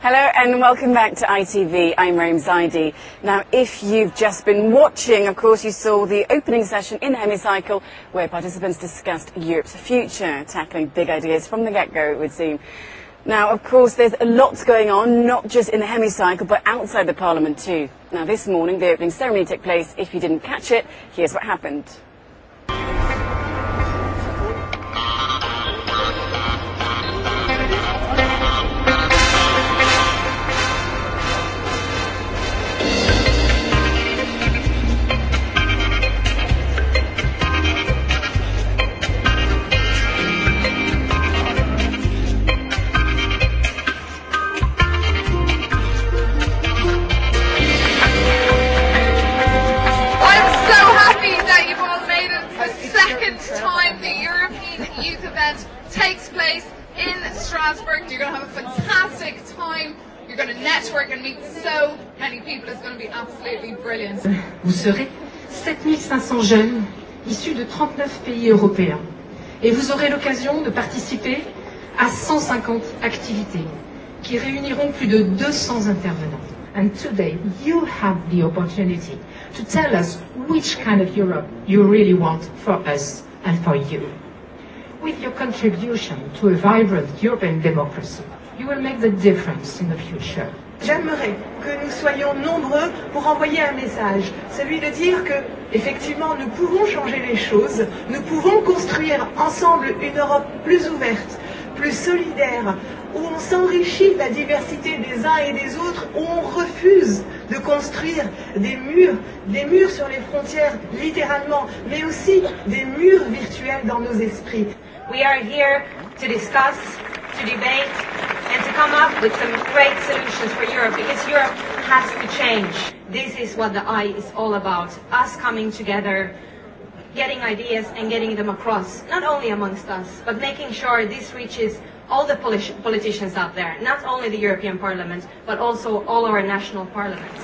Hello and welcome back to ITV. I'm Rome Zaidi. Now, if you've just been watching, of course, you saw the opening session in Hemicycle where participants discussed Europe's future, tackling big ideas from the get-go, it would seem. Now, of course, there's a lot going on, not just in the hemicycle, but outside the Parliament too. Now, this morning, the opening ceremony took place. If you didn't catch it, here's what happened. time the European Youth Event takes place in Strasbourg. You're going to have a fantastic time. You're going to network and meet so many people. It's going to be absolutely brilliant. Vous serez 7500 jeunes issus de 39 pays européens. Et vous aurez l'occasion de participer à 150 activités qui réuniront plus de 200 intervenants. And today you have the opportunity to tell us which kind of Europe you really want for us and for you. With your contribution to a vibrant European democracy, you will make the difference in the future. J'aimerais que nous soyons nombreux pour envoyer un message, celui de dire que, effectivement, nous pouvons changer les choses, nous pouvons construire ensemble une Europe plus ouverte, plus solidaire, on s'enrichit de la diversité des uns et des autres, où on refuse de construire des murs, des murs sur les frontières, littéralement, mais aussi des murs virtuels dans nos esprits. We are here to discuss, to debate, and to come up with some great solutions for Europe, because Europe has to change. This is what the I is all about, us coming together, getting ideas and getting them across, not only amongst us, but making sure this reaches all the politicians out there, not only the European Parliament, but also all our national parliaments.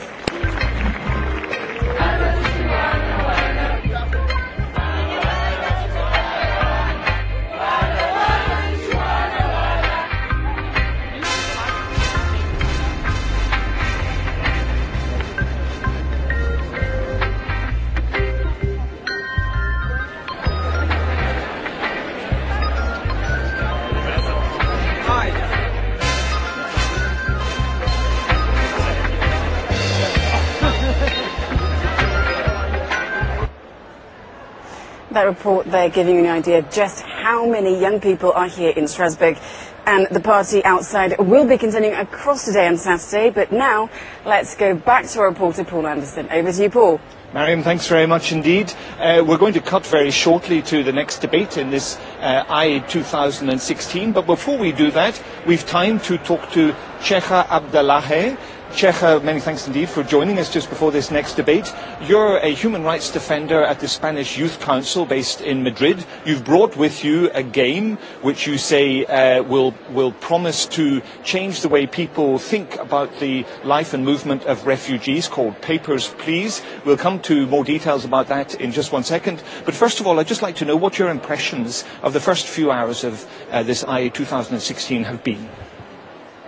That report there giving you an idea just how many young people are here in Strasbourg. And the party outside will be continuing across today and Saturday. But now, let's go back to our reporter, Paul Anderson. Over to you, Paul. Mariam, thanks very much indeed. Uh, we're going to cut very shortly to the next debate in this uh, I 2016. But before we do that, we've time to talk to Checha Abdallahe. Cheja, many thanks indeed for joining us just before this next debate. You're a human rights defender at the Spanish Youth Council based in Madrid. You've brought with you a game which you say will will promise to change the way people think about the life and movement of refugees called Papers, Please. We'll come to more details about that in just one second. But first of all, I'd just like to know what your impressions of the first few hours of this IA 2016 have been.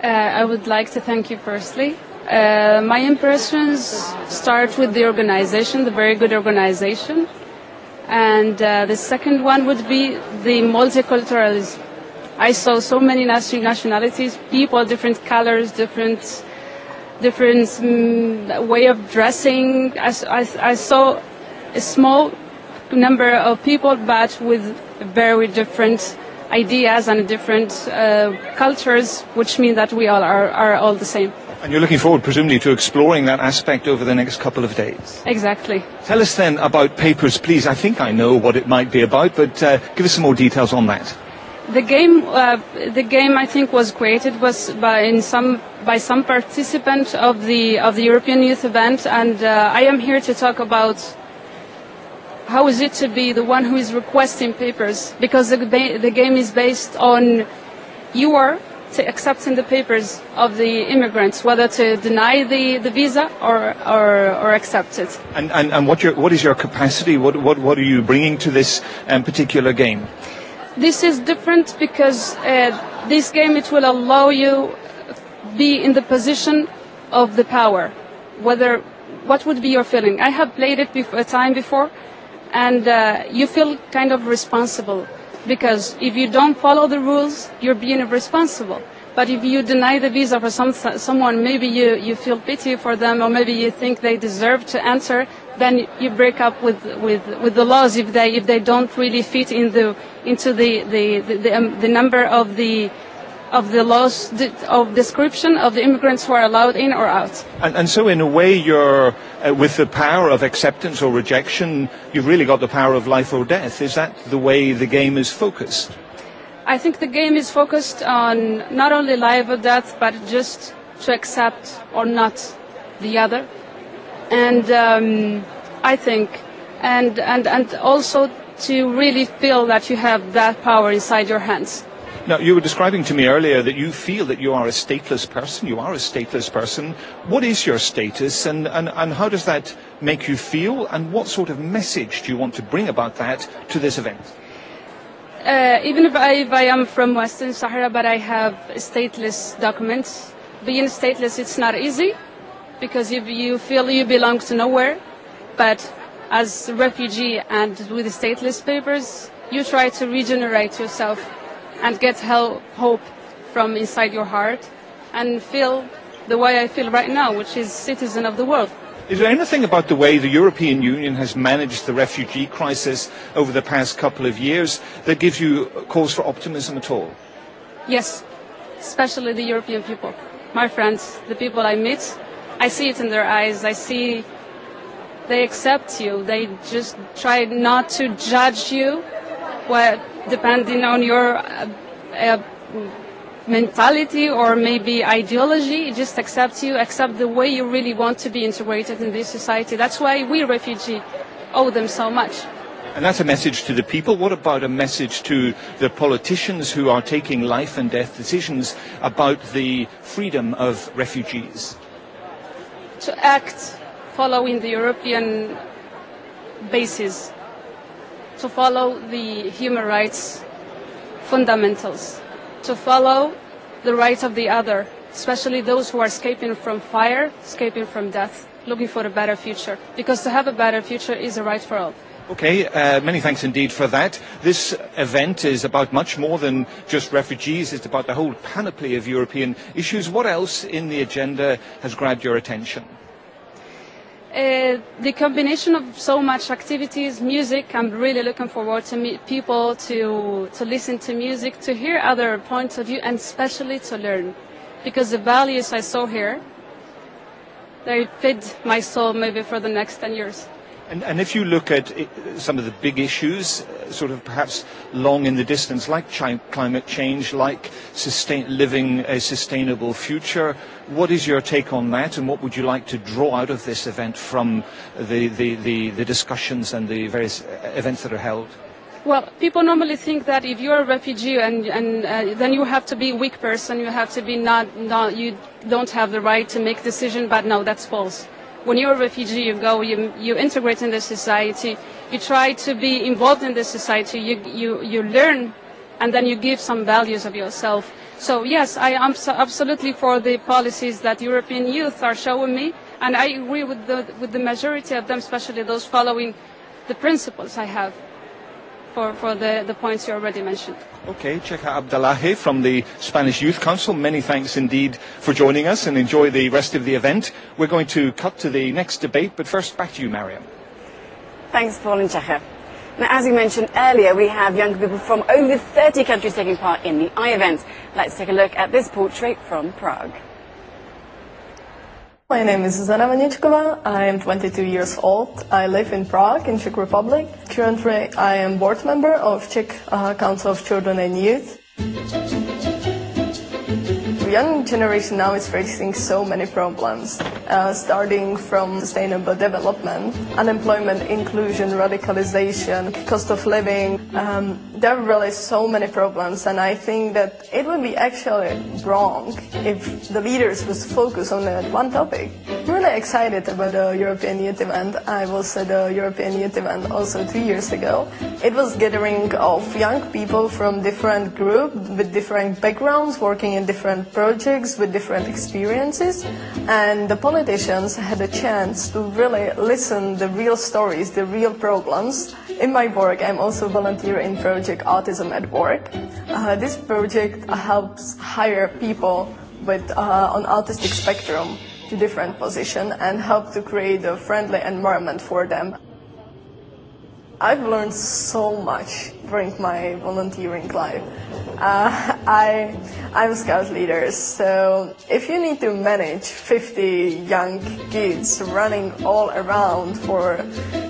I would like to thank you firstly My impressions start with the organization, the very good organization. And the second one would be the multiculturalism. I saw so many nationalities, people, different colors, different different way of dressing. I I saw a small number of people, but with very different ideas and different cultures, which means that we all are all the same. And you're looking forward, presumably, to exploring that aspect over the next couple of days. Exactly. Tell us then about Papers, Please. I think I know what it might be about, but give us some more details on that. The game, the game, I think, was created was by in some by some participant of the of the European Youth Event, and I am here to talk about how is it to be the one who is requesting papers, because the the game is based on you are to accepting the papers of the immigrants, whether to deny the, the visa or, or, or accept it. And, and, and what, your, what is your capacity? What, what, what are you bringing to this um, particular game? This is different because uh, this game it will allow you be in the position of the power. Whether what would be your feeling? I have played it before, a time before, and uh, you feel kind of responsible because if you don't follow the rules, you're being irresponsible. But if you deny the visa for some, someone, maybe you, you feel pity for them, or maybe you think they deserve to answer, then you break up with, with, with the laws if they, if they don't really fit in the, into the, the, the, the, the number of the of the laws of description of the immigrants who are allowed in or out. And so in a way you're, with the power of acceptance or rejection, you've really got the power of life or death. Is that the way the game is focused? I think the game is focused on not only life or death, but just to accept or not the other. And I think, and, and, and also to really feel that you have that power inside your hands Now, you were describing to me earlier that you feel that you are a stateless person. You are a stateless person. What is your status and, and, and how does that make you feel? And what sort of message do you want to bring about that to this event? Uh, even if I, if I am from Western Sahara, but I have stateless documents, being stateless, it's not easy because you, you feel you belong to nowhere. But as a refugee and with stateless papers, you try to regenerate yourself and get hope from inside your heart and feel the way I feel right now, which is citizen of the world. Is there anything about the way the European Union has managed the refugee crisis over the past couple of years that gives you cause for optimism at all? Yes, especially the European people. My friends, the people I meet, I see it in their eyes. I see they accept you. They just try not to judge you well, depending on your uh, mentality or maybe ideology, it just accepts you, accept the way you really want to be integrated in this society. That's why we refugees owe them so much. And that's a message to the people. What about a message to the politicians who are taking life and death decisions about the freedom of refugees? To act following the European basis to follow the human rights fundamentals, to follow the rights of the other, especially those who are escaping from fire, escaping from death, looking for a better future, because to have a better future is a right for all. Okay, many thanks indeed for that. This event is about much more than just refugees. It's about the whole panoply of European issues. What else in the agenda has grabbed your attention? the combination of so much activities, music, I'm really looking forward to meet people, to, to listen to music, to hear other points of view, and especially to learn. Because the values I saw here, they fit my soul maybe for the next 10 years. And if you look at some of the big issues, sort of perhaps long in the distance, like climate change, like living a sustainable future, what is your take on that, and what would you like to draw out of this event from the discussions and the various events that are held? Well, people normally think that if you're a refugee and, and then you have to be a weak person, you have to be not, not, you don't have the right to make decision, but no, that's false when you're a refugee, you go, you, you integrate in the society, you try to be involved in the society, you, you, you learn, and then you give some values of yourself. So yes, I am absolutely for the policies that European youth are showing me, and I agree with the, with the majority of them, especially those following the principles I have for, for the, the points you already mentioned. Okay, Cheka Abdallahi from the Spanish Youth Council, many thanks indeed for joining us and enjoy the rest of the event. We're going to cut to the next debate, but first back to you, Mariam. Thanks, Paul and Cheka. Now, as you mentioned earlier, we have young people from over 30 countries taking part in the I event. Let's take a look at this portrait from Prague. My name is Zuzana Vanichkova. I am 22 years old. I live in Prague, in Czech Republic. Currently, I am board member of Czech Council of Children and Youth young generation now is facing so many problems, starting from sustainable development, unemployment, inclusion, radicalization, cost of living. There are really so many problems, and I think that it would be actually wrong if the leaders would focus on one topic really excited about the European Youth Event. I was at the European Youth Event also two years ago. It was gathering of young people from different groups with different backgrounds, working in different projects with different experiences, and the politicians had a chance to really listen the real stories, the real problems. In my work, I'm also volunteer in project Autism at Work. This project helps hire people with on autistic spectrum to different positions and help to create a friendly environment for them. I've learned so much during my volunteering life. Uh, I, I'm a scout leader, so if you need to manage 50 young kids running all around for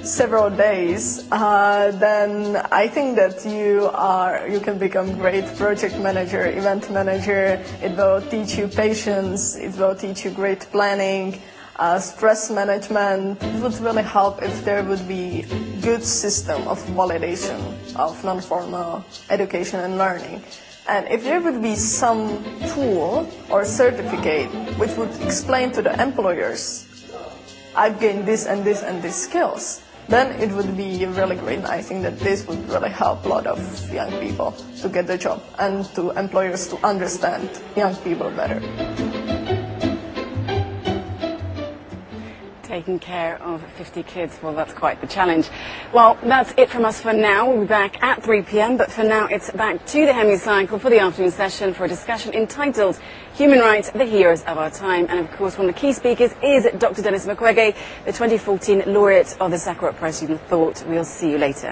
several days, uh, then I think that you are you can become great project manager, event manager. It will teach you patience. It will teach you great planning stress management. It would really help if there would be good system of validation of non-formal education and learning. And if there would be some tool or certificate which would explain to the employers, I've gained this and this and these skills, then it would be really great. I think that this would really help a lot of young people to get the job and to employers to understand young people better. taking care of 50 kids. Well, that's quite the challenge. Well, that's it from us for now. We'll be back at 3 p.m. But for now, it's back to the hemicycle for the afternoon session for a discussion entitled Human Rights, the Heroes of Our Time. And of course, one of the key speakers is Dr. Dennis Mukwege, the 2014 laureate of the Sakharov Prize in Thought. We'll see you later.